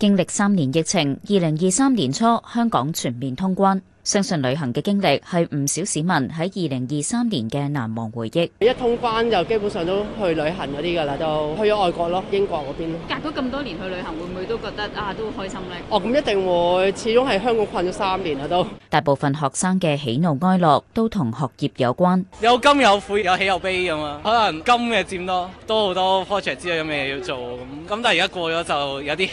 經歷三年疫情，二零二三年初，香港全面通關。相信旅行嘅經歷係唔少市民喺二零二三年嘅難忘回憶。一通關就基本上都去旅行嗰啲噶啦，都去咗外國咯，英國嗰邊。隔咗咁多年去旅行，會唔會都覺得啊，都開心咧？哦，咁一定會，始終係香港困咗三年啦，都。大部分學生嘅喜怒哀樂都同學業有關。有甘有苦有喜有悲噶嘛？可能甘嘅佔多，多好多 project 之類嘅嘢要做。咁咁但係而家過咗就有啲喜。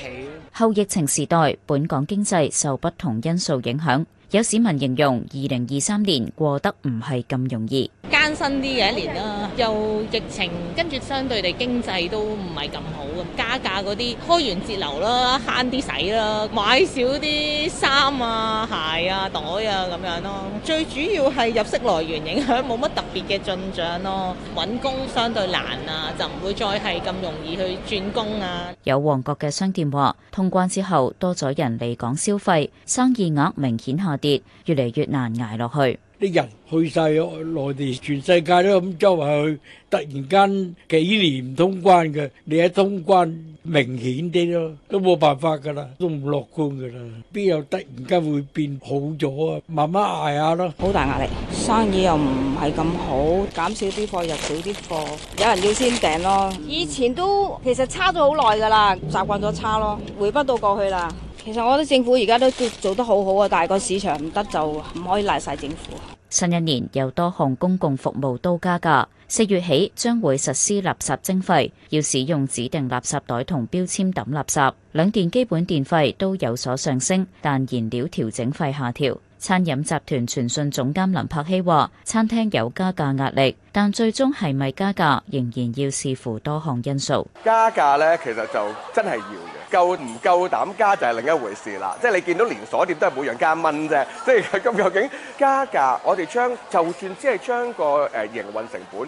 後疫情時代，本港經濟受不同因素影響。有市民形容，二零二三年過得唔係咁容易。新新啲嘅一年啦，又疫情，跟住相對地經濟都唔係咁好咁，加價嗰啲開源節流啦，慳啲使啦，買少啲衫啊、鞋啊、袋啊咁樣咯。最主要係入息來源影響，冇乜特別嘅進展咯。搵工相對難啊，就唔會再係咁容易去轉工啊。有旺角嘅商店話，通關之後多咗人嚟港消費，生意額明顯下跌，越嚟越難捱落去。啲人去曬內地，全世界都咁周圍去，突然間幾年唔通關嘅，你一通關明顯啲咯，都冇辦法噶啦，都唔樂觀噶啦，邊有突然間會變好咗啊？慢慢捱下咯，好大壓力，生意又唔係咁好，減少啲貨入，少啲貨，有人要先訂咯。以前都其實差咗好耐噶啦，習慣咗差咯，回不到過去啦。其實我覺得政府而家都做得好好啊，但係個市場唔得就唔可以賴晒政府。新一年有多項公共服務都加價，四月起將會實施垃圾徵費，要使用指定垃圾袋同標籤抌垃圾。兩電基本電費都有所上升，但燃料調整費下調。餐飲集團傳訊總監林柏希話，餐廳有加價壓力，但最終係咪加價仍然要視乎多項因素。加價呢，其實就真係要。夠唔夠膽加就係另一回事啦，即係你見到連鎖店都係每樣加蚊啫，即係咁究竟加價，我哋將就算只係將個誒、呃、營運成本。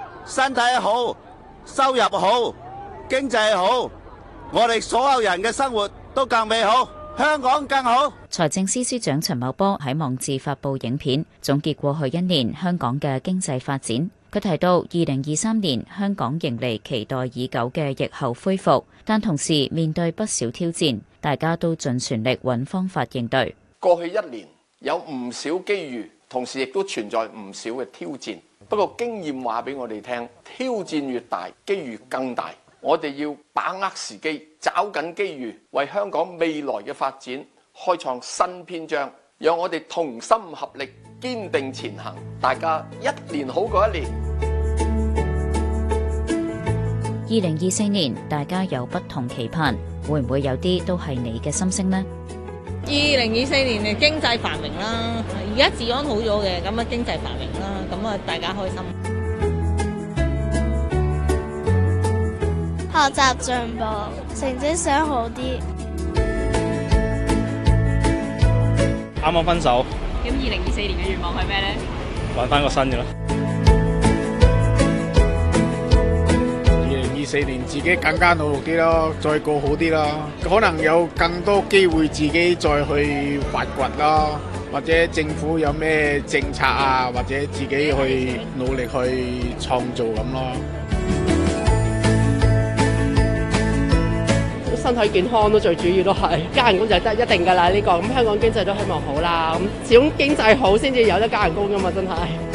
身體好，收入好，經濟好，我哋所有人嘅生活都更美好，香港更好。財政司司長陳茂波喺網誌發佈影片，總結過去一年香港嘅經濟發展。佢提到，二零二三年香港迎嚟期待已久嘅疫後恢復，但同時面對不少挑戰，大家都盡全力揾方法應對。過去一年有唔少機遇，同時亦都存在唔少嘅挑戰。不過經驗話俾我哋聽，挑戰越大，機遇更大。我哋要把握時機，抓緊機遇，為香港未來嘅發展開創新篇章。讓我哋同心合力，堅定前行。大家一年好過一年。二零二四年，大家有不同期盼，會唔會有啲都係你嘅心聲呢？二零二四年嘅經濟繁榮啦，而家治安好咗嘅，咁啊經濟繁榮啦，咁啊大家開心。學習進步，成績想好啲。啱啱分手。咁二零二四年嘅願望係咩咧？搵返個新嘅啦。四年自己更加努力啲咯，再過好啲咯，可能有更多機會自己再去挖掘咯，或者政府有咩政策啊，或者自己去努力去創造咁咯。身體健康都最主要都係加人工就得一定噶啦呢個咁香港經濟都希望好啦，咁始終經濟好先至有得加人工噶嘛，真係。